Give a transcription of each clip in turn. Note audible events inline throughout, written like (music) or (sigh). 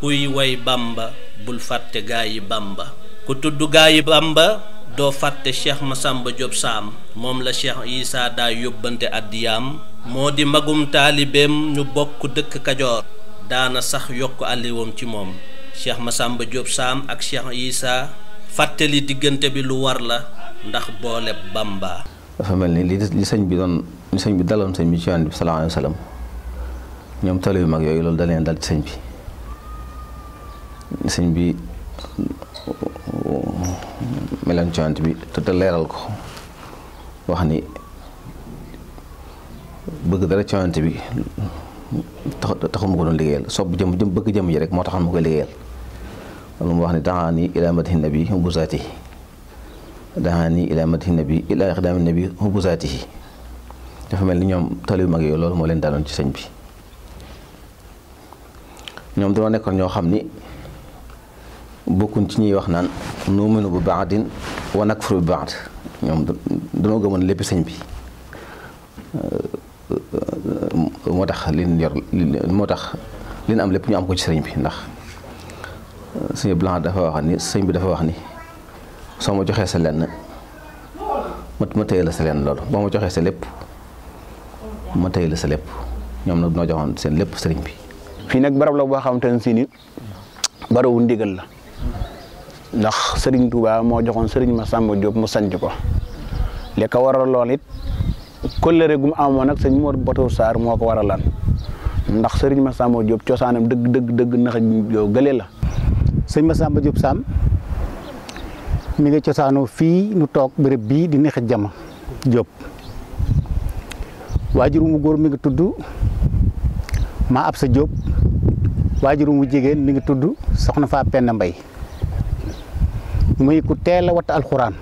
kuy woy bamba bul fàtte gaa yi bamba ku tudd gaa yi bamba doo fàtte cheikh Massamba Diop Saam moom la cheikh Issa daa yóbbante addiyaam moo di magum taalibeem ñu bokk dëkk Kajoor daana sax yokk àlliwoom ci moom cheikh Massamba Diop Saam ak cheikh Issa fàttali diggante bi lu war la ndax boole Bamba. dafa mel ni li li sëñ bi doon li sëñ bi daloon sëñ bi ci yoon bi sallallahu alayhi wa ñoom tali yu mag yooyu loolu da leen dal ci sëñ bi. sëñ bi meloon ci bi te leeral ko wax ni bëgg dara ci yonent bi taxu ma ko doon liggéeyal sopp jëm jëm bëgg jëm ji rek moo taxoon ma koy liggéeyal loolu mu wax ni daxaani ilaa madhi nabi hubbu zaatihi daxaani ilaa madhi nabi ilaa ixdaami nabi hubbu zaatihi dafa mel ni ñoom tali mag yooyu loolu moo leen daanoon ci sëñ bi ñoom dama nekkoon ñoo xam ni bokkuñ ci ñuy wax naan nuuminu bu baadin wa nakfuru bi baad ñoom danoo gëmoon lépp sëñ bi moo tax li yor moo tax li am lépp ñu am ko ci sëñ bi ndax sëñ dafa wax ni sëñ bi dafa wax ni soo ma joxee sa leen ma ma tëye la sa lenn loolu boo ma joxee sa lépp ma tëye la sa lépp ñoom nag noo joxoon seen lépp sëriñ bi. fii nag barab la boo xamante ne si ni barabu ndigal la. ndax sëriñ Touba moo joxoon sëriñ Massamba Diop mu sanc ko li ko waral lool it kóllëre gu mu amoon nag sëñ Mor Boto Sarr moo ko waralaan ndax sëriñ Massamba Diop cosaanam dëgg dëgg dëgg nax yow gële la. sëñ Massamba Diop Sam mi ngi cosaanoo fii nu toog béréb bii di neex jama Diop waajur mu góor mi ngi tudd maa ab sa Diop waajur mu jigéen mi ngi tudd soxna faa Penda Mbay muy ku teel a watt alxuraan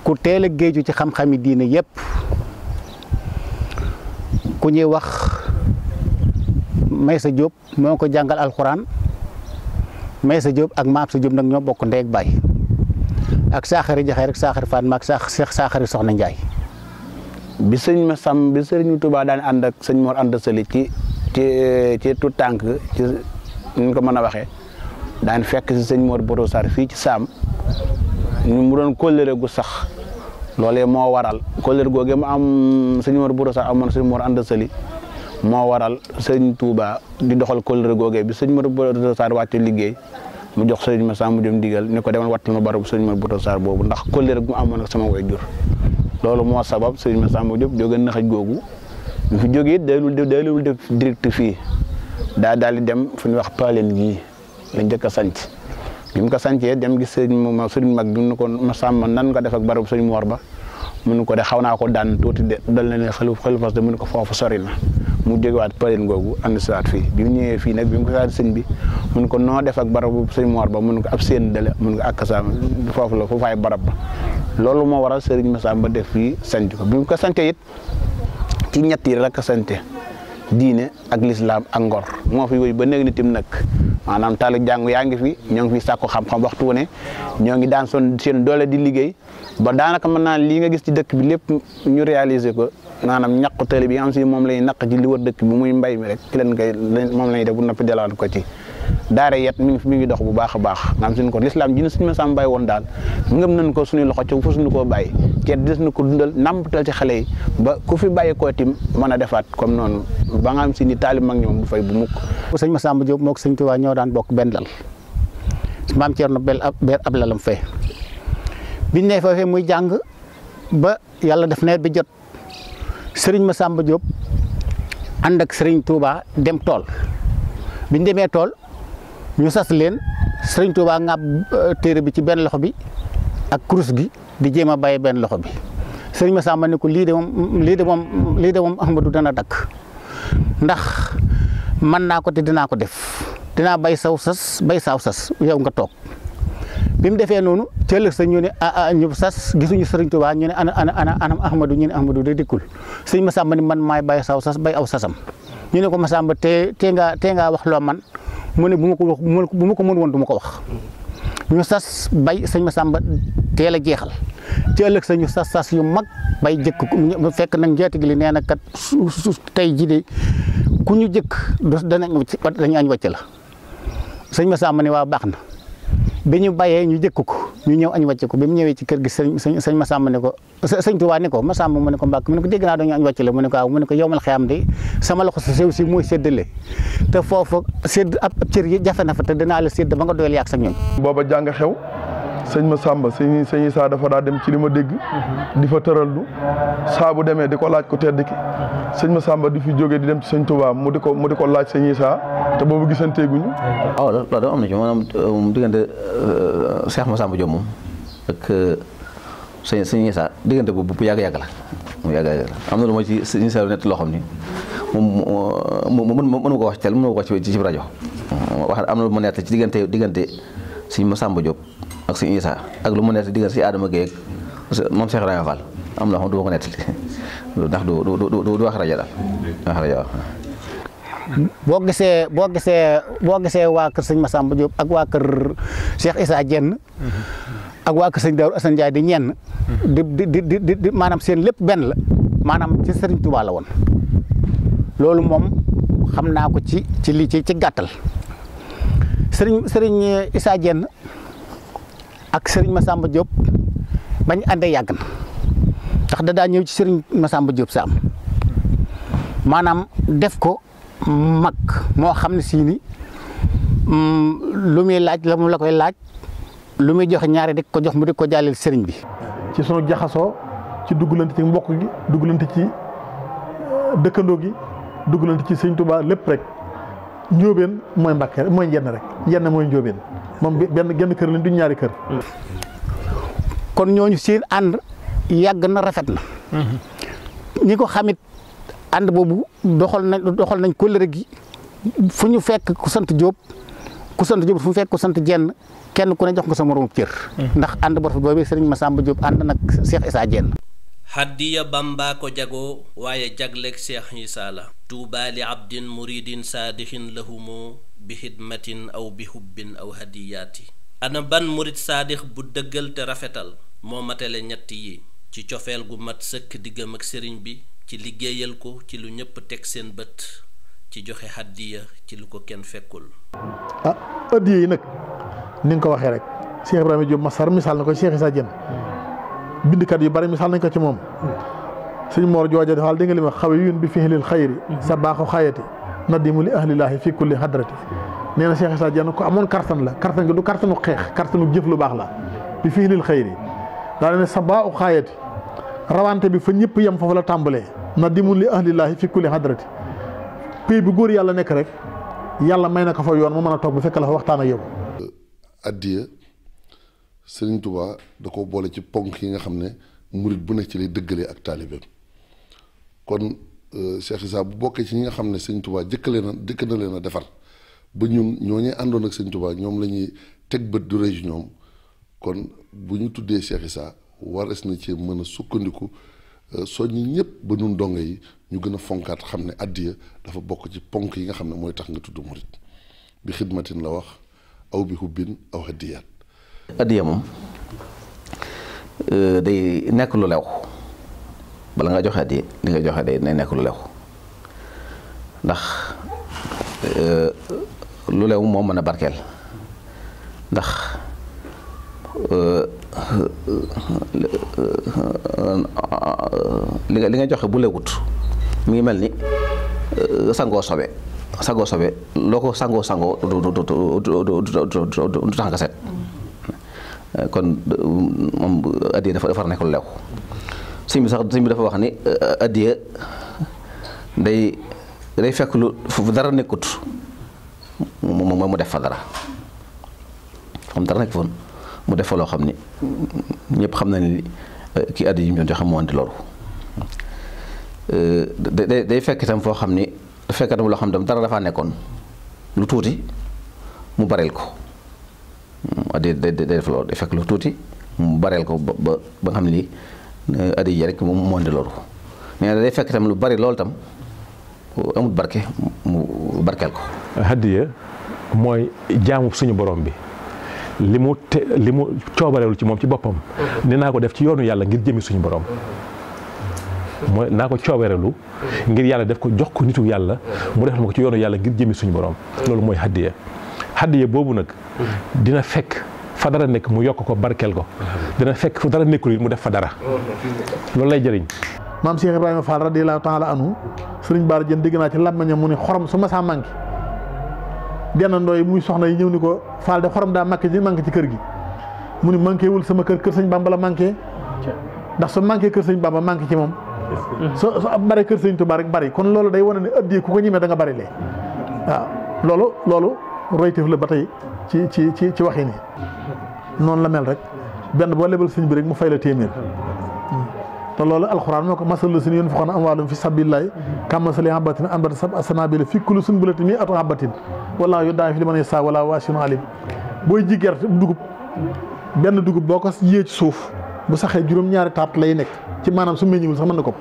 ku teel a géeju ci xam-xami diine yépp ku ñuy wax sa Jóob moo ko jàngal alxuraan sa Jóob ak maam sa Jóob nag ñoo bokk ndey baay ak saaxari jaxee rek saaxari Faat ma ak saaxari Soxna Njaay bi sëñ ma sam bi sëriñ Tuubaa daan ànd ak sëñ Mor ànd sëli ci ci tànk ci ñu ko mën a waxee daan fekk si sëñ moor Bodo saar fii ci saam ñu mu doon kóllëre gu sax loolee moo waral kóllëre googu mu am sëñ Mor Bodo Sarr amoon sëñ Mor Anta Sali moo waral sëñ Touba di doxal kóllëre googee bi sëñ Mor Bodo Sarr wàcce liggéey mu jox sëñ ma Samba Diop ndigal ni ko demal wattal ma barabu sëñ Mor boto saar boobu ndax kóllëre gu mu amoon ak sama way jur loolu moo sabab sëñ ma Samba Diop jóge naxaj googu ñu fi jógee it daylul def direct fii daa daal di dem fu ñuy wax paaleen gii lañ njëkk a sanc bi mu ko sancee dem gis sëriñ ma sëriñ mag bi mu ko ma sàmm nan nga defak ak barab sëriñ Mor ba munu ko de xaw naa ko daan tuuti de dal na ne xelu xelu fas de munu ko foofu sori mu jógewaat pareen googu ànd si waat fii bi mu ñëwee fii nag bi mu ko saat sëñ bi mun ko noo def barab barabu sëñ Mor ba mun ko ab seen dale mun ko àkk saam foofu la fu faay barab ba loolu moo waral sëriñ Massamba def fii sanc ko bi ko sante it ci ñett yi rek sante diine ak lislaam ak ngor moo fi wéy ba néeg nitim nag maanaam taalu jàng yaa ngi fi ñoo ngi fi sàkku xam-xam waxtu ne ñoo ngi daan son seen doole di liggéey ba daanaka ma naan lii nga gis ci dëkk bi lépp ñu réaliser ko maanaam ñàkku tëli bi nga si moom la ñuy ji ci li wër dëkk bi muy mbay mi rek ki leen koy moom la ñuy def bu noppi delluwaat ko ci daara yet mi ngi ngi dox bu baax a baax nga am suñu ko lislaam ji ne suñu ma sàmm bàyyi woon daal ngëm nañ ko suñuy loxo ci fu suñu des na ko dundal nàmpatal ci xale yi ba ku fi bàyyi koo mën a defaat comme noonu ba nga am si ni taalib mag ñoom bu fay bu mukk sëñ ma sàmm Diop moo ko sëñ Tuubaa ñoo daan bokk benn lal maam Ceerno bel beer ab lalam fee biñ ne foofee muy jàng ba yàlla def nawet bi jot sëriñ ma sàmba Diop ànd ak sëriñ tuuba dem tool biñ demee tool ñu sas leen sëriñ waa ngàbb euh, téere bi ci benn loxo bi ak kurus gi di jéem a bàyyi benn loxo bi sëriñ ma ne ko lii de moom lii de moom lii de moom Ahmadu dana dakk ndax mën naa ko te dinaa ko def dinaa bay saw sas bay saw sas yow nga toog bi mu defee noonu ca ëllëg sa ñu ne ah, ah, ñu sas gisuñu sëriñ Tuubaa ñu ne ana ana ana anam Ahmadu ñu ne Ahmadu de dikkul sëriñ ma ne man maay bay saw sas bay aw sasam ñu ne ko Massamba te tee ngaa wax loo man mu ne bu ma ko wax bu ma ko mën woon du ko wax ñu sas bay sëñ Masamba teel a jeexal ci ëllëg sa ñu sas sas yu mag bay jëkk ko fekk nag njaatig li nee na kat suuf tey jii de ku ñu jëkk danañ wàcc dañu añ wàcc la sëñ Masamba ne waa baax na bi ñu bayee ñu jëkk ko. ñu ñëw añ wàcce ko bi mu ñëwee ci kër gi sëñ sëñ Massamba ne ko sëñ Tuubaa ne ko Massamba mu ne ko Mbàkke mu a ko dégg naa dañu añ wàcce la mu ne ko waaw mu ne ko yow sama loxo sa si mooy séddale te foofu sédd ab cër yi jafe na fa te dinaa la sédd ba nga doyal yàgg sa booba jàng xew sëñ ma sàmba sëñ sëñ Isaa dafa daa dem ci li ma dégg mhm. di fa tërallu saa bu demee di ko laaj ko tedd ki mhm. sëñ ma sàmba di fi jógee di dem ci sëñ Tuubaa mu di ko mu di laaj sëñ Isaa te boobu gisanteeguñu waaw ah, loolu dafa am na ci maanaam um, diggante Seex uh, ma sàmba Jóob moom ak uh, sëñ sëñ Isaa diggante bu bu yàgg-yàgg mu yàgg-yàgg na lu ma ci sëñ Isaa nett loo xam ni moom mën ma ko wax ci télé mën ma ko wax ci ci rajo wax am na lu ma nett ci diggante diggante sëñ ma sàmba Jóob ak si Isa ak lu mu nekk digal si Adama Gueye ak moom Cheikh Ibrahima Fall am na xam du ma ko (laughs) ndax du du du du rajo daal boo gisee boo gisee boo gisee waa kër sëñ Massamba Diop ak waa kër Cheikh Issa Dieng ak waa kër sëñ Daaru di ñenn di di di di seen lépp benn la maanaam ci Serigne Touba la woon loolu moom xam naa ko ci ci li ci ci gàttal Serigne Serigne ak sëriñ Massamba Diop bañ àndee yàgg tax ndax da daa ñëw ci sëriñ Massamba Diop saam maanaam def ko mag moo xam ne sii ni mm, lu muy laaj la mu la koy laaj lu muy joxe ñaari dik ko jox mu di ko jàllale sëriñ bi. ci sunu jaxasoo ci duggalante ci mbokk gi duggalante ci euh, dëkkandoo gi duggalante ci sëriñ Touba lépp rek. njóobeen mooy Mbàkke mooy njenn rek njenn mooy njóobeen moom benn genn kër lañ duñ ñaari kër kon ñooñu si ànd yàgg na rafet na mhm. ñi ko xamit ànd boobu doxal nañ doxal nañ kóllëre gi fu ñu fekk ku sant Jóob ku sant Jóob fu ñu fekk ku sant jenn kenn ku ne jox nga sa moromu cër mhm. ndax ànd bu rafet boobu Sëriñ Masamba Jóob ànd nag Cheikh Issa Jenn xaddiya bàmbaa ko jagoo waaye jagleeg seex isaa la tuubaa li abdin muridin saadixin lahumu bi xidmatin aw bi hubbin aw hadiyaati ana ban murid saadix bu dëggal te rafetal moo matale ñett yi ci cofeel gu mat sëkk diggam ak sëriñ bi ci liggéeyal ko ci lu ñépp teg seen bët ci joxe xaddiya ci lu ko kenn fekkul ah addiya yi nag ni nga ko waxee rek Cheikh Ibrahima Diop Massar misaal na ko Cheikh Issa Diène bindkat yu bari misaal nañ ko ci moom sëñ Mor jooja dafa dégg nga li ma xawe yun bi fi fihlil xayri sa baaxu xayati nadimu li ahlilaahi fi kulli hadrati nee na sa Issa Diène ko amoon kartan la kartan gi du kartanu xeex kartanu jëf lu baax la bi fihlil xayri daal ne sa baaxu xayati rawante bi fa ñëpp yem foofu la tàmbalee nadimu li ahlilaahi fi kulli hadrati pays bi góor yàlla nekk rek yàlla may na ko fa yoon mu mën a toog bu la fa waxtaan ak yow addiya Serigne Touba da ko boole ci ponk yi nga xam ne murit bu nekk ci lay dëggalee ak taalibeem kon euh, Cheikh Issa bu bokkee ci ñi nga xam ne Serigne Touba jëkkale na jëkk na leen a defar ba ñun ñoo ñuy àndoon ak Serigne Touba ñoom la ñuy teg bët du rëy ñoom kon bu ñu tuddee Cheikh Issa warees na ci mën a sukkandiku euh, soññi ñëpp ba nun dongo yi ñu gën a fonkaat xam ne àddiya dafa bokk ci ponk yi nga xam ne mooy tax nga tudd murit bi xidmatin la wax aw bi hubbin aw hadiyaat addiya moom euh, day nekk lu lew bala nga joxe addiya li nga joxe day day nekk lu lew ndax euh, lu lew moom mën a barkeel ndax euh, li nga li joxe bu lewut mi ngi mel ni sangoo sobe sangoo sobe loo ko sangoo sangoo du du du tax nga set Euh, kon euh, moom euh, addiya dafa dafa nekk lu lew sëñ dafa wax ni addiya day fekk lu dara nekkut moom moom mu def fa dara xam dara nekk foon mu def fa loo xam ni ñëpp xam na ni kii addiya yi mu doon joxe moo andi loolu day day fekk itam foo xam ni fekk itam loo xam ne dara dafaa nekkoon lu tuuti mu bareel ko. addi mm, day def loolu day fekk lu tuuti mu bareel ko ba ba nga xam ni eh, addi ji rek moom moo indi loolu nee na day fekk tam lu bari loolu tam amut barke mu barkeel ko. hadiya mooy jaamu suñu borom bi li mu te li mu coobarewul ci moom ci boppam. nee naa ko def ci yoonu yàlla ngir jëmi suñu borom. mooy naa ko coobarelu yàlla def ko jox ko nitu yàlla. mu defal ma ko ci yoonu yàlla ngir jëmi suñu borom. loolu mooy hadiya hadiya boobu nag dina fekk fa dara nekk mu yokk ko barkeel ko dina fekk fu dara nekkul it mu def fa dara loolu lay jëriñ maam Cheikh Ibrahima Fall radiyallahu taala anhu sëriñ Bara Diène dégg naa ci làmmiñam mu ne xorom su ma saa manqué dendandoo yi muy soxna yi ñëw ni ko Fall xorom daa manqué ji manqué ci kër gi mu ni manqué wul sama kër kër sëñ Bamba la manqué ndax su manqué kër sëñ Bamba manqué ci moom so so ab bare kër sëñ Tuubaa rek bari kon loolu day wane ne ëddee ku ko ñemee da nga bari lee waaw loolu loolu royteef la ba tey ci ci ci ci waxin yi noonu la mel rek benn boo lebal sëñ bi rek mu fay la téeméer hmm. te loolu alxuraan moo ko masal si suñu yoon foxoon am wàllum fi sabilillahi kam masali habatin anbat sab asanabila fi kulli sunbulatin mi'atu habatin wala yu daa fi li man yasa wala waasiun alim booy ji gerte dugub benn dugub boo ko yée ci suuf bu saxee juróom-ñaari taat lay nekk ci maanaam su meññiwul sax mën na ko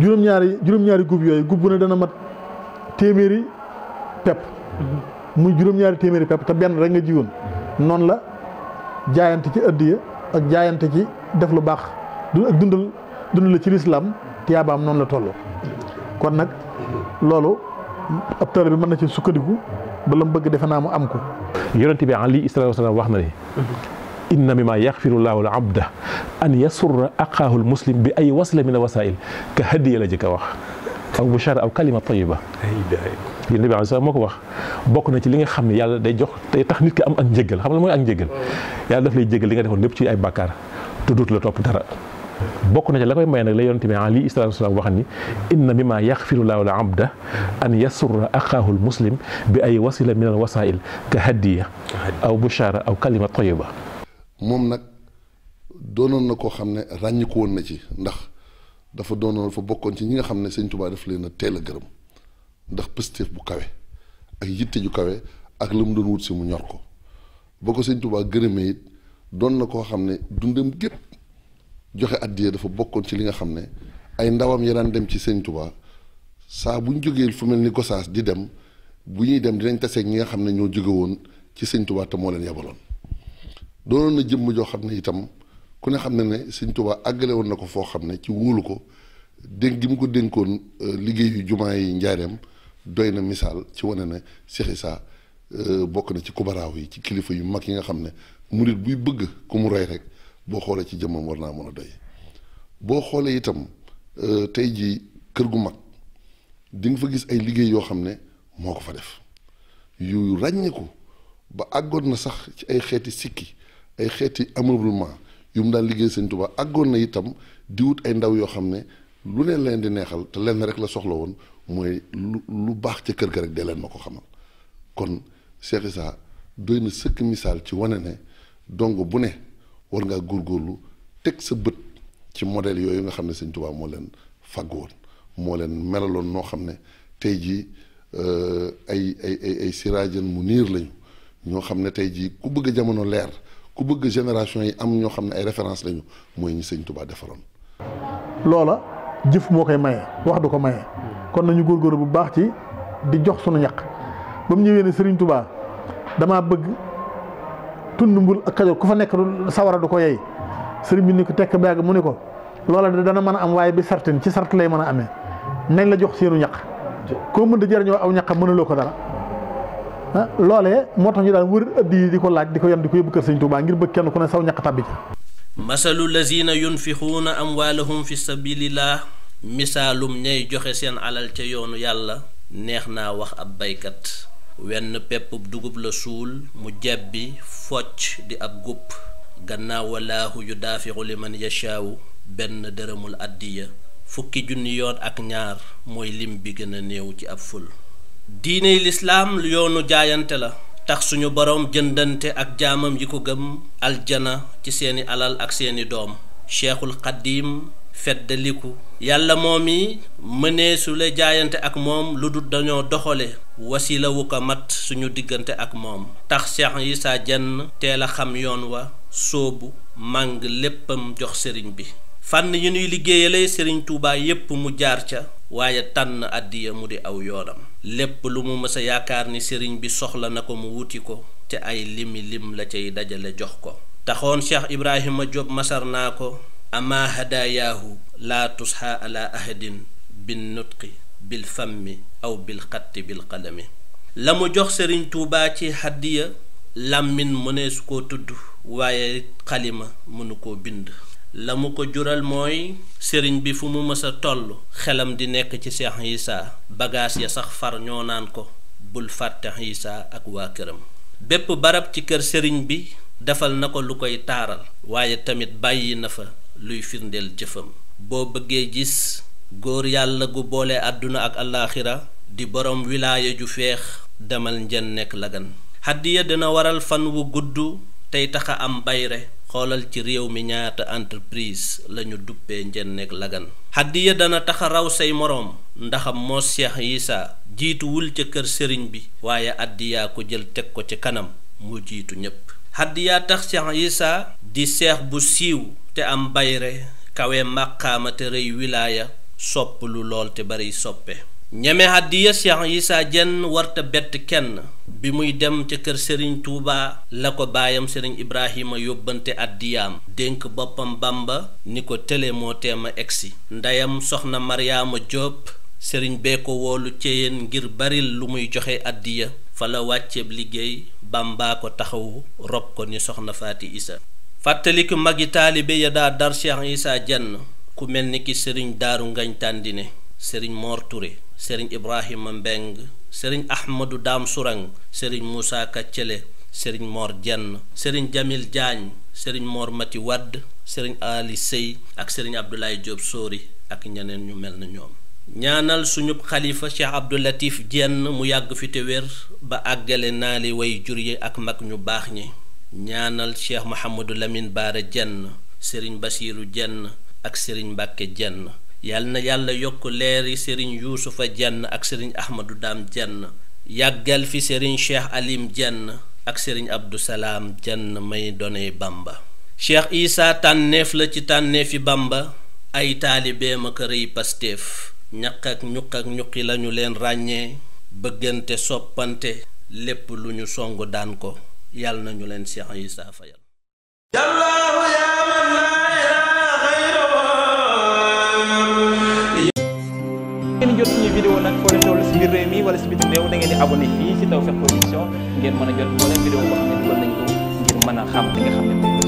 juróom-ñaari juróom-ñaari gub yooyu gub bu ne dana mat muy juróom-ñaari téeméeri pepp te benn rek nga jiwoon noonu la jaayante ci ëddiya ak jaayante ci def lu baax du ak dundal dundal ci lislaam tiyaabaam noonu la toll. kon nag loolu ab taalibe bi mën na ci sukkandiku bala mu bëgg defe naa mu am ko. yonente bi alayhi salaatu wa salaam wax na ni. inna mimma yaxfirullahu al abda an yasurra aqaahu al muslim bi ay wasla min al wasail ka hadiya la jëkk a wax aw bushara aw kalima tayiba yéen bi sax moo ko wax bokk na ci li nga xam ne yàlla day jox day tax nit ki am ak njëgal xam la mooy ak njëgal yàlla daf lay jéggal li nga defoon lépp ci ay bàkkaar te la topp dara bokk na ci la koy may nag la yonent bi alayhi salaatu wasalaam wax ni inna mimma yaxfiru laahu la abda an yasurra axaahu muslim bi ay wasila min al wasail ka hadiya aw bushara aw kalima tayiba moom nag doonoon na koo xam ne ràññiku woon na ci ndax dafa doonoon fa bokkoon ci ñi nga xam ne sëñ Tuubaa daf leen a teel a gërëm ndax pëstéef bu kawe ak yitte ju kawe ak la mu doon wut si mu ñor ko ba ko sëñ Tuubaa gërëmee it doon na koo xam ne dundam gépp joxe addiya dafa bokkoon ci li nga xam ne ay ndawam ya dem ci sëñ Tuubaa saa bu ñu jógee fu mel ni Gosaas di dem bu ñuy dem dinañ taseeg ñi nga xam ne ñoo jóge woon ci sëñ Tuubaa te moo leen yabaloon doonoon na jëmm joo xam ne itam ku ne xam ne ne sëñ Tuubaa àggale woon na ko foo xam ne ci wóolu ko dénk gi mu ko dénkoon euh, liggéeyu jumaa yi njaareem doy na misaal ci wane na Cheikh Issa euh, bokk na ci kubaraaw yi ci kilifa yu mag yi nga xam ne murit buy bëgg ku mu rey rek boo xoolee ci jëmmam war naa mën a doy boo xoolee itam euh, tey jii kër gu mag di nga fa gis ay liggéey yoo xam ne moo ko fa def yu ràññeeku ba àggoon na sax ci ay xeeti sikki ay xeeti ameublement yu mu daan liggéey Sëñ Tuubaa àggoon na itam diwut ay ndaw yoo xam ne lu ne leen di neexal te lenn rek la soxla woon mooy lu lu baax ca kër gi rek dee leen ma ko xamal kon Cheikh Issa doy na sëkk misaal ci wane ne dongo bu ne war ngaa góorgóorlu teg sa bët ci modèle yooyu nga xam ne Sëñ Tuubaa moo leen fàgg moo leen melaloon noo xam ne tey jii euh, ay ay ay ay siraajan mu niir lañu ñoo xam ne tey jii ku bëgg jamono leer ku bëgg génération yi am ñoo xam ne ay référence lañu mooy ñu Sëñ Tuubaa defaroon. loola jëf moo koy maye wax du ko maye. kon nañu góorgóorlu bu baax ci di jox sunu ñaq ba mu ñëwee ne Serigne Touba damaa bëgg tund mbul ak Kajoor ku fa nekk sawara du ko yey Serigne bi ni ko tekk ba mu ni ko loola de dana mën a am waaye bi sartin ci sart lay mën a amee nañ la jox seenu ñaq koo mën da jëriñoo aw ñaq mënuloo ko dara ah loolee moo tax ñu daan wër ëdd yi di ko laaj di ko yan di ko yóbbu kër Serigne Touba ngir bëgg kenn ku ne saw ñaq tabbi ci masalu lazina yunfixuuna amwaalahum fi sabilillah misaalum ñay joxe seen alal ca yoonu yàlla neex na wax ab baykat wenn pepp dugub la suul mu bi focc di ab gupp gannaaw walaahu yu daafixu li man yashaawu benn dërëmul àddiya fukki junni yoon ak ñaar mooy lim bi gën a néew ci ab ful diine lislaam yoonu jaayante la tax suñu boroom jëndante ak jaamam yi ko gëm aljana ci seeni alal ak seeni doom cheikhul xaddiim feddaliku yàlla moom yi mënee su la jaayante ak moom lu dul dañoo doxale wasila ko mat suñu diggante ak moom tax seex yi saa jenn teel a xam yoon wa sóobu màng léppam jox sëriñ bi fànn yi nuy liggéeyale sëriñ Tuubaa yépp mu jaar ca waaye tànn àddiya mu di aw yoonam lépp lu mu mësa yaakaar ni sëriñ bi soxla na ko mu wuti ko te ay limi lim la cay dajale jox ko taxoon Cheikh Ibrahima Diop masar naa ko ama hadaayaahu laa tusxaa ahadin bin nutqi bil fammi aw bil xatti bil qalami la mu jox sëriñ tuubaa ci hàddiya làmmin mënees koo tudd waaye xalima mënu ko bind la mu ko jural mooy sëriñ bi fu mu mës a toll xelam di nekk ci Seex Isaa bagaas ya sax far ñoo naan ko bul fàtte Isaa ak waa këram bépp barab ci kër sëriñ bi defal na ko lu koy taaral waaye tamit bàyyi na fa luy firndeel jëfam boo bëggee gis góor yàlla gu boole àdduna ak alaaxira di borom wilaaya ju feex demal njën nekk lagan hadiya dina waral fan wu gudd tey taxa am bayre xoolal ci réew mi ñaata entreprise lañu duppe njën nekk lagan hadiya dana taxa raw say moroom ndaxam moo Seex Isaa jiituwul ca kër sëriñ bi waaye addiyaa ko jël teg ko ci kanam mu jiitu ñépp Hadiya Takhshan Issa di seex bu siiw te am bayre kawe màqaama te rëy wilaaya sopp lu lool te bari soppe ñeme Hadiya Cheikh Issa jenn warta bett kenn bi muy dem ca kër Serigne Touba la ko baayam Serigne Ibrahima yóbbante addiyaam dénk boppam Bamba ni ko tële moo teem egsi ndeyam soxna Mariama Diop Serigne bee ko woolu céyeen ngir baril lu muy joxe addiya fa la wàcceeb liggéey bàmbaa ko taxawu rob ko ni soxna faati isa fàttaliku magi taalibe ya daa dar cheikh isa jenn ku mel ni ki sëriñ daaru ngañ tàndine sëriñ moor ture sëriñ ibrahima mbeng sëriñ ahmadu daam surang sëriñ muusa cële sëriñ moor jenn sëriñ jamil jaañ sëriñ moor mati wadd sëriñ ali sëy ak sëriñ abdoulaye jóob sóori ak ñeneen ñu mel na ñoom ñaanal suñub xalifa Cheikh Abdou Latif Diène mu yàgg fi te ba àggale naa li way jur yi ak mag ñu baax ñi ñaanal Cheikh Mouhamadou lamin Baara Diène sëriñ Bassirou Diène ak Serigne Mbacke Diène yal yàlla yokk leeri Serigne Youssoufa Diène ak Serigne Ahmadou Dame Diène yàggal fi Serigne Cheikh Alim Diène ak Serigne Abdou Salaam Diène may doney Bamba Cheikh Issa tànneef la ci tànneefi Bamba ay taalibeem ak rëy Pastef ñaq ak ñuq ak ñuqi lañu leen ràññee bëggante soppante lépp lu ñu song daan ko yàlla nañu leen Cheikh Issa fayal ngeen jot suñu vidéo nag foo leen toll si biir réew mi wala si bitim réew ngeen di abonné fii si Tawfekh Production ngeen mën a jot xam ne xam li nga